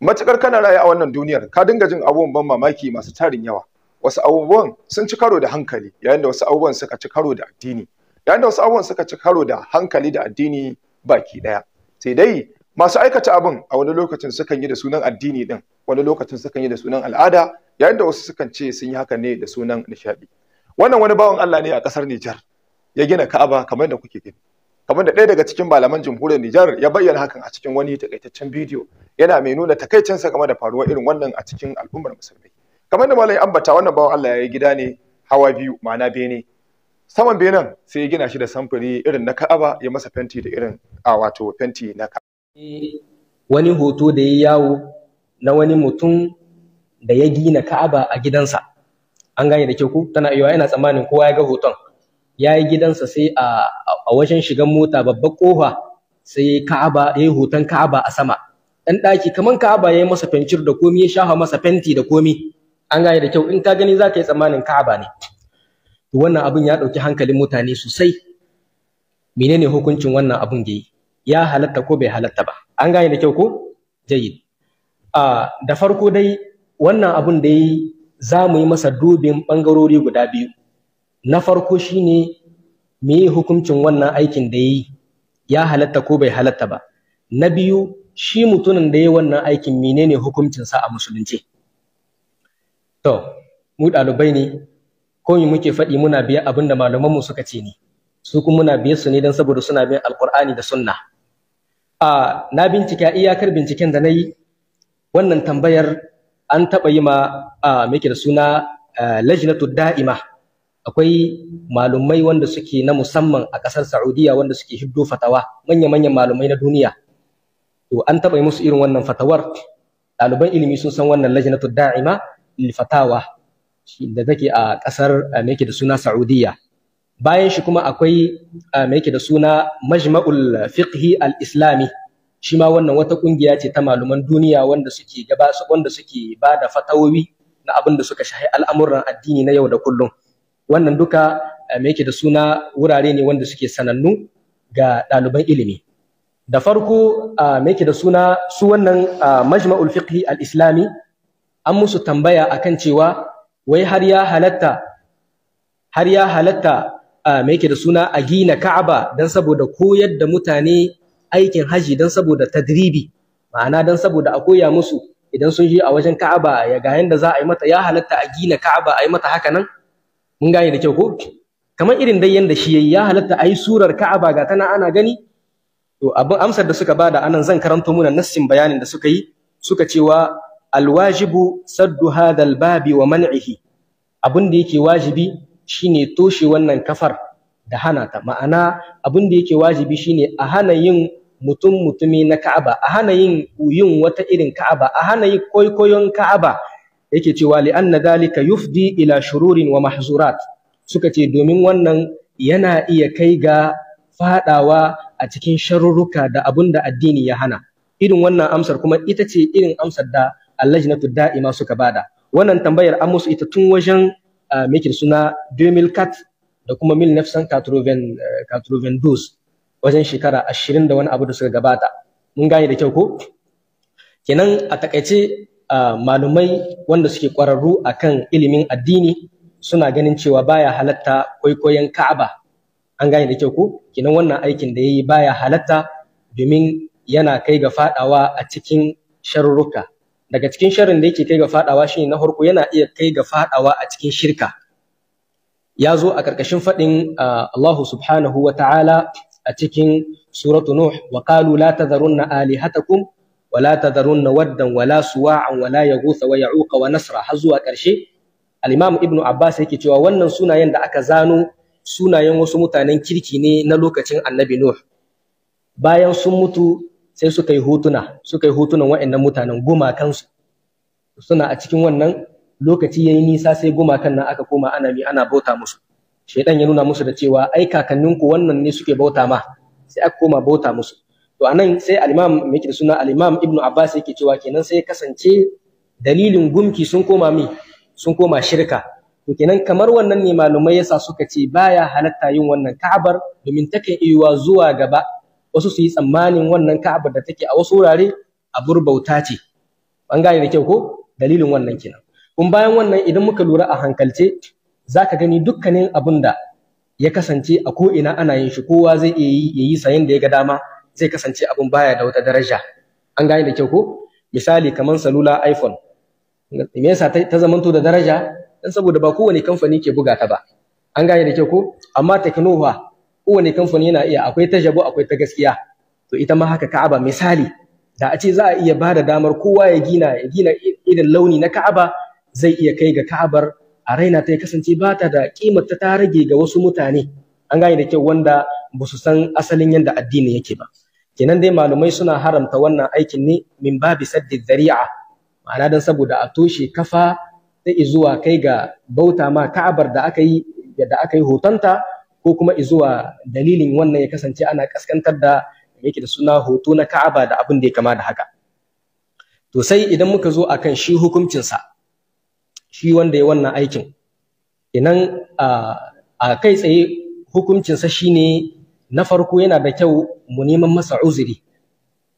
matukar kana raye a wannan duniyar ka dinga jin abubuwan ban mamaki masu tarin yawa wasu abubuwan sun ci karo da hankali yayin da wasu abubuwan suka ci karo da addini yayin da wasu abubuwan suka ci karo da hankali da addini baki daya sai dai masu aikata abin a wani lokacin sukan yi da sunan addini din wani lokacin sukan yi da sunan al'ada yayin da wasu sukan ce sun yi haka ne da sunan nishadi wannan wani bawan Allah ne a kasar Nijar ya gina Ka'aba kamar da kuke gani kamar da ɗaya daga cikin malaman jamhuriyar Nijar ya bayyana hakan a cikin wani takaitaccen bidiyo yana mai nuna takaicinsa game da faruwar irin wannan a cikin al'ummar musulmai kamar da malai bata wannan bawan Allah ya yi gida ne hawa biyu ma'ana bene saman benen sai ya gina shi da samfuri irin na Ka'aba ya masa fenti da irin a wato fenti na Ka'aba wani hoto da ya yawo na wani mutum da ya gina Ka'aba a gidansa an gane da ke ku tana iya yana tsammanin kowa ya ga hoton ya yi gidansa sai a wajen shigan mota babbar kofa sai ka'aba ya yi hoton ka'aba a sama ɗan ɗaki kamar ka'aba ya yi masa fencir da komi ya shafa masa fenti da komi an gane da kyau in ka gani za ka yi tsammanin ka'aba ne wannan abin ya ɗauki hankalin mutane sosai menene hukuncin wannan abin da yi ya halatta ko bai halatta ba an gane da kyau ko jayyid a da farko dai wannan abin da yi za mu yi masa dubin bangarori guda biyu na farko shine me hukuncin wannan aikin da yi ya halatta ko bai halatta ba na biyu shi mutumin da ya wannan aikin menene hukuncinsa a musulunci to mu ɗalibai ne ko muke faɗi muna biyan abin da malamanmu suka ce ne su kuma muna biye su ne don saboda suna bin alkur'ani da sunna a na bincika iyakar binciken da na yi wannan tambayar an taɓa yi ma a muke da suna lajnatu da'ima akwai malumai wanda suke na musamman a ƙasar Saudiya wanda suke hiddo fatawa manya-manyan malumai na duniya to an taɓa yi musu irin wannan fatawar ɗaliban ilimi sun san wannan lajnatu da'ima lil fatawa da take a ƙasar me yake da suna Saudiya bayan shi kuma akwai me yake da suna majma'ul fiqhi al-islami shi ma wannan wata kungiya ce ta malaman duniya wanda suke gaba wanda suke bada fatawowi na abin da suka shahi al'amuran addini na yau da kullum wannan duka eh, me yake da suna wurare ne wanda suke sanannu ga ɗaliban ilimi da farko eh, me yake da suna su wannan eh, majma'ul fiqhi al-islami an musu tambaya akan cewa wai har ya halatta har ya halatta me yake da suna a gina Ka'aba dan saboda koyar da mutane aikin haji dan saboda tadribi ma'ana dan saboda a koya musu idan sun je a wajen Ka'aba ya ga yanda za a yi mata ya halatta a gina Ka'aba a yi mata haka nan mun gane da kyau ko kamar irin dai yanda shi yayi ya halatta ai surar Ka'aba ga tana ana gani to abin amsar da suka bada anan zan karanto muna nassin bayanin da suka yi suka cewa alwajibu saddu hadal babi wa man'ihi abin da yake wajibi shine toshe wannan kafar da hana ta ma'ana abin da yake wajibi shine a hana yin mutum mutumi na Ka'aba a hana yin yin wata irin Ka'aba a hana yin koikoyon Ka'aba yake cewa li anna dhalika yufdi ila shururin wa mahzurat suka ce domin wannan yana iya kai ga fadawa a cikin sharurruka da abunda addini ya hana irin wannan amsar kuma ita ce irin amsar da allajnatu da'ima suka bada wannan tambayar an musu ita tun wajen mikir suna 2004 da kuma 1992 eh, wajen shekara ashirin da wani abu da suka gabata mun gane da kyau ko kenan a takaice malumai wanda suke ƙwararru akan ilimin addini suna ganin cewa baya halatta kwaikwayon Ka'aba an gane da kyau ko kinan wannan aikin da yi baya halatta domin yana kai ga fadawa a cikin sharruka daga cikin sharrin da yake kai ga fadawa shine na farko yana iya kai ga fadawa a cikin shirka ya zo a karkashin fadin Allah subhanahu wa ta'ala a cikin suratu nuh wa qalu la tadharunna alihatakum wala tadharunna ودا ولا سواعا ولا يغوث wa ya'uqa nasra har zuwa ƙarshe al-imam ibn abbas yake cewa wannan sunayen da aka zano sunayen wasu mutanen kirki ne na lokacin annabi nuh bayan sun mutu sai suka yi hutuna suka yi hutunan wa'annan mutanen gumakansu suna a cikin wannan lokaci yayi nisa sai gumakan nan aka koma ana mi ana bauta musu shedan ya nuna musu da cewa ai kakanninku wannan ne suke bauta ma sai aka koma bauta musu to anan sai al-imam da suna al-imam ibn abbas yake cewa kenan sai kasance dalilin gumki sun koma mi sun koma shirka to kenan kamar wannan ne malumai yasa suka ce baya halatta yin wannan ka'abar domin takan iya zuwa gaba wasu su yi tsammanin wannan ka'abar da take a wasu wurare a burbauta ce an gane da kyau ko dalilin wannan kenan kun bayan wannan idan muka lura a hankalce zaka gani dukkanin abin da ya kasance a ko ina ana yin shi kowa zai iya yi yayi sayan da ya ga dama zai kasance abin baya da wata daraja an gane da kyau ko misali kamar salula iphone me yasa ta zamanto da daraja dan saboda ba kowane kamfani ke buga ta ba an gane da kyau ko amma teknova kowane kamfani yana iya akwai ta jabo akwai ta gaskiya to ita ma haka ka'aba misali da a ce za a iya ba da damar kowa ya gina ya gina irin launi na ka'aba zai iya kai ga ka'abar a raina ta kasance ba ta da kimar ta rage ga wasu mutane an gane da kyau wanda ba su san asalin yadda addini yake ba kenan dai malumai suna haramta wannan aikin ne min babi saddi zari'a ma'ana dan saboda a toshe kafa ta izuwa kai ga bauta ma ka'abar da aka yi da aka yi hotonta ko kuma izuwa dalilin wannan ya kasance ana kaskantar da yake da suna hoto na ka'aba da abin da ya kama da haka to sai idan muka zo akan shi hukuncinsa shi wanda ya wannan aikin inan a kai tsaye hukuncinsa shine na farko yana da kyau mu neman masa uzuri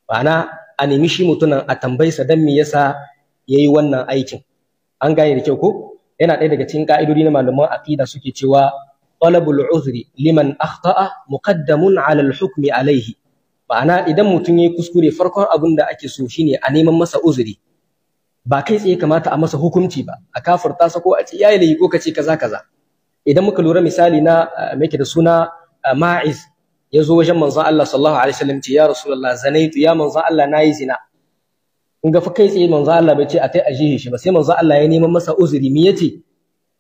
ma'ana a nemi shi mutunan a tambaysa dan me yasa yi wannan aikin an gane da kyau ko yana ɗaya daga cikin ka'idodi na malaman aqida suke cewa talabul uzuri liman akhta'a muqaddamun 'ala al-hukmi alayhi ma'ana idan mutum yayi kuskure farkon abin da ake so shine a neman masa uzuri ba kai tsaye kamata a masa hukunci ba a kafurta sa ko a ce yayi laifi ko kace kaza kaza idan muka lura misali na ah, me da suna ah, ma'iz ya zo wajen manzon Allah sallallahu alaihi wasallam ce ya rasulullah zanaitu ya manzon Allah nayi zina in ga fa kai tsaye manzon Allah bai ce a tai ajihi shi ba sai manzon Allah ya neman masa uzuri me yace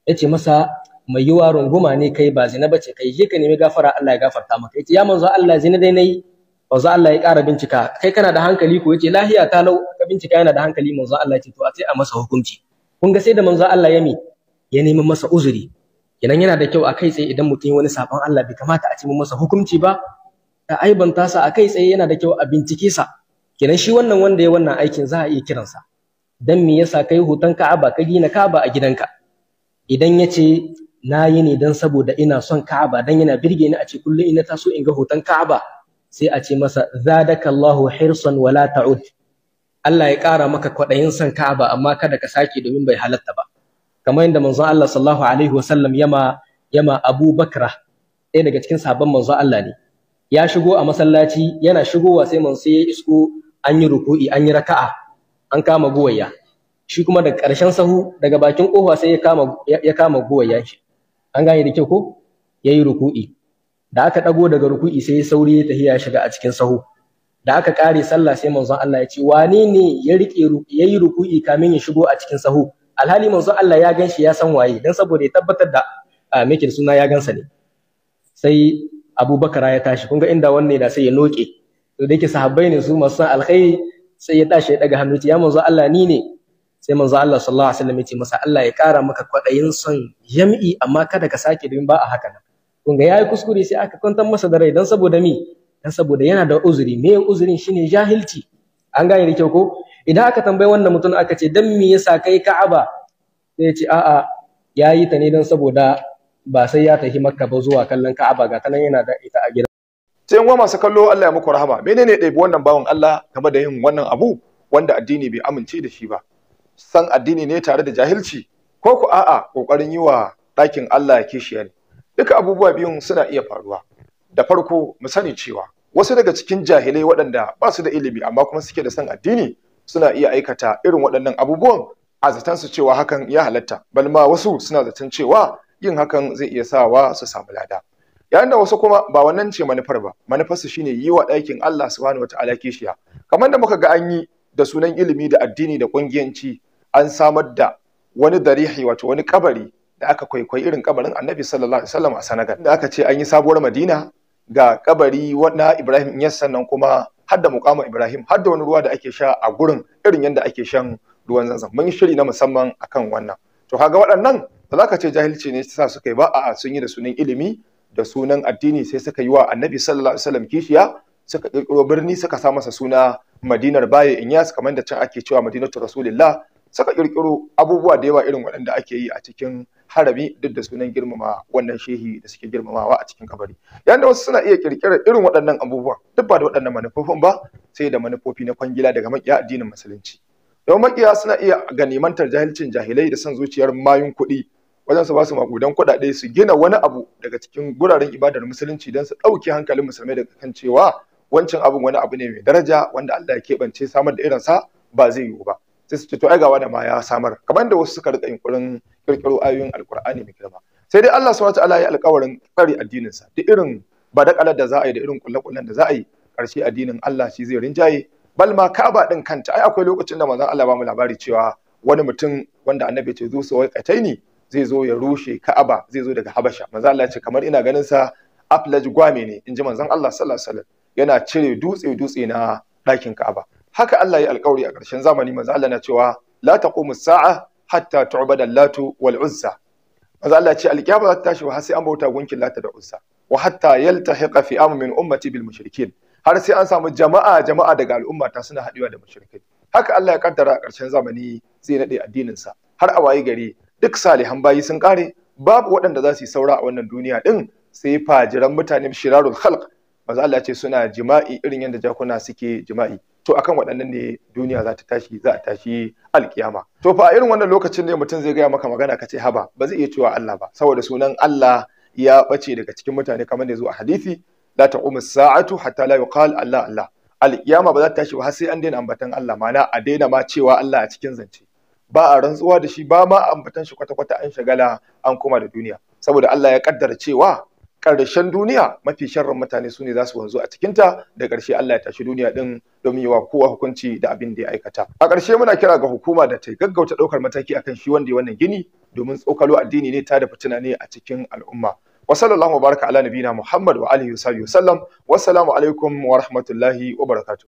yace masa mai yuwa runguma ne kai ba zina bace kai je ka nemi gafara Allah ya gafarta maka yace ya manzon Allah zina dai nayi manzon Allah ya ƙara bincika kai kana da hankali ko yace lahiya ta lau ka bincika yana da hankali manzon Allah ya ce to a tai a masa hukunci kun ga sai da manzon Allah ya mi ya nemi masa uzuri kenan yana da kyau a kai tsaye idan mutum wani sabon Allah bai kamata a ci masa hukunci ba a aibanta sa a kai tsaye yana da kyau a bincike sa kenan shi wannan wanda ya wannan aikin za a iya sa dan me yasa kai hoton Ka'aba ka gina Ka'aba a gidanka idan yace ce na yi ne dan saboda ina son Ka'aba dan yana birge ni a ce kullum ina taso in ga hoton Ka'aba sai a ce masa zadakallahu hirsan wala ta'ud Allah ya kara maka kwaɗayin son Ka'aba amma kada ka sake domin bai halatta ba kamar yadda manzon Allah sallallahu alaihi wasallam yama yama Abu Bakra ɗaya daga cikin sabon manzon Allah ne ya shigo a masallaci yana shigowa sai manzo ya isko an yi ruku'i an yi raka'a an kama guwaya shi kuma daga ƙarshen sahu daga bakin kofa sai ya kama ya kama guwaya shi an gane da kyau ko yayi ruku'i da aka ɗago daga ruku'i sai ya sauri ya ya shiga a cikin sahu da aka ƙare sallah sai manzon Allah ya ce wane ne ya rike ya yi ruku'i kamin ya shigo a cikin sahu alhali manzo Allah ya ganshi ya san waye dan saboda ya tabbatar da meke suna ya gansa ne sai Abubakar ya tashi kun ga inda wanne da sai ya noke to da yake sahabbai ne su masu san alkhairi sai ya tashi ya daga hannu ya manzo Allah ni ne sai manzo Allah sallallahu alaihi wasallam ya ce masa Allah ya kara maka kwadayin son yam'i amma kada ka sake domin ba a haka nan kun ga yayi kuskure sai aka kwantar masa da rai dan saboda mi dan saboda yana da uzuri me uzurin shine jahilci an gane da kyau ko idan aka tambayi wannan mutum aka ce dan me yasa kai Ka'aba sai ya ce a'a yayi ta ne dan saboda ba sai ya tafi Makka ba zuwa kallon Ka'aba ga tanan yana da ita a gida sai yan masu kallo Allah ya muku rahama menene ɗabi wannan bawan Allah game da yin wannan abu wanda addini bai amince da shi ba san addini ne tare da jahilci ko ku a'a kokarin yi wa ɗakin Allah kishiya ne duka abubuwa biyun suna iya faruwa da farko mu sani cewa wasu daga cikin jahilai waɗanda ba su da ilimi amma kuma suke da san addini suna iya aikata irin waɗannan abubuwan a zaton su cewa hakan ya halatta bal ma wasu suna zaton cewa yin hakan zai iya sawa su samu lada yayin da wasu kuma ba wannan ce manufar ba manufar su shine yi wa ɗakin Allah subhanahu wataala kishiya kamar da muka ga an yi da sunan ilimi da addini da kungiyanci an samar da wani darihi wato wani kabari da aka kwaikwayi irin kabarin Annabi sallallahu alaihi wasallam a sanagar da aka ce an yi sabuwar Madina ga kabari na Ibrahim yassan nan kuma har da mukamin Ibrahim har da wani ruwa da ake sha a gurin irin yadda ake shan ruwan zanzan mun yi shiri na musamman akan wannan to kaga waɗannan ba za ka ce jahilci ne sa suka yi ba a'a sun yi da sunan ilimi da sunan addini sai suka yi wa annabi sallallahu alaihi wasallam kishiya suka kirkiro birni suka sa masa suna madinar baye inyas kamar da can ake cewa madinatu rasulillah suka kirkiro abubuwa da yawa irin waɗanda ake yi a cikin harami duk da sunan girmama wannan shehi da suke girmamawa a cikin kabari yayin da wasu suna iya kirkirar irin waɗannan abubuwa duk ba da waɗannan manufofin ba sai da manufofi na kwangila daga makiya addinin musulunci don makiya suna iya ganimantar jahilcin jahilai da son zuciyar mayun kuɗi wajen su ba su makudan kuɗaɗe su gina wani abu daga cikin guraren ibadar musulunci don su ɗauki hankalin musulmai daga kan cewa wancan abin wani abu ne mai daraja wanda Allah ya keɓance samar da irinsa ba zai yiwu ba sai su ce to ai ga samar kamar da wasu suka rika yunkurin kirkiro ayoyin alkur'ani mai girma sai dai Allah subhanahu ta'ala ya alƙawarin tsare addinin sa duk irin badakalar da za a yi da irin kullakullan da za a yi ƙarshe addinin Allah shi zai rinjaye bal ma Ka'aba din kanta ai akwai lokacin da manzon Allah ba mu labari cewa wani mutum wanda annabi ya ce zo su waƙataini zai zo ya rushe Ka'aba zai zo daga Habasha manzon Allah ce kamar ina ganin sa aflaj gwame ne inji ji manzon Allah sallallahu alaihi yana cire dutse dutse na ɗakin Ka'aba haka Allah ya alƙawari a ƙarshen zamani manzo Allah na cewa la taqumu sa'a hatta tu'bada latu wal uzza manzo Allah ce alƙiyama za ta tashi har sai an bauta gunkin lata da uzza wa hatta yaltahiqa fi min ummati bil mushrikin har sai an samu jama'a jama'a daga al'umma ta suna haɗewa da mushrikai haka Allah ya kaddara a ƙarshen zamani zai nade addinin sa har a waye gari duk salihan bayi sun kare babu waɗanda za su yi saura a wannan duniya din sai fajiran mutane shirarul khalq manzo Allah ce suna jima'i irin yadda jakuna suke jima'i to akan waɗannan ne duniya za ta tashi za a tashi alkiyama to fa a irin wannan lokacin ne mutum zai gaya maka magana ka ce haba ba zai iya cewa Allah ba saboda sunan Allah ya ɓace daga cikin mutane kamar da zo a hadisi la taqumu sa'atu hatta la yuqal Allah Allah alkiyama ba za ta tashi ba har sai an daina ambatan Allah ma'ana a daina ma cewa Allah a cikin zance ba a rantsuwa da shi ba ma ambatan shi kwata-kwata an shagala an kuma da duniya saboda Allah ya kaddara cewa ƙarshen duniya mafi sharrin mutane su ne za su wanzu a cikinta da ƙarshe Allah ya tashi duniya ɗin domin yawa kowa hukunci da abin da ya aikata. A ƙarshe muna kira ga hukuma da ta gaggauta ɗaukar mataki akan shi wanda ya wannan gini domin tsokalo addini ne ta da fitina ne a cikin al'umma. Wa sallallahu baraka ala nabina Muhammad wa alihi wa sallam. Wassalamu alaikum wa rahmatullahi wa barakatuh.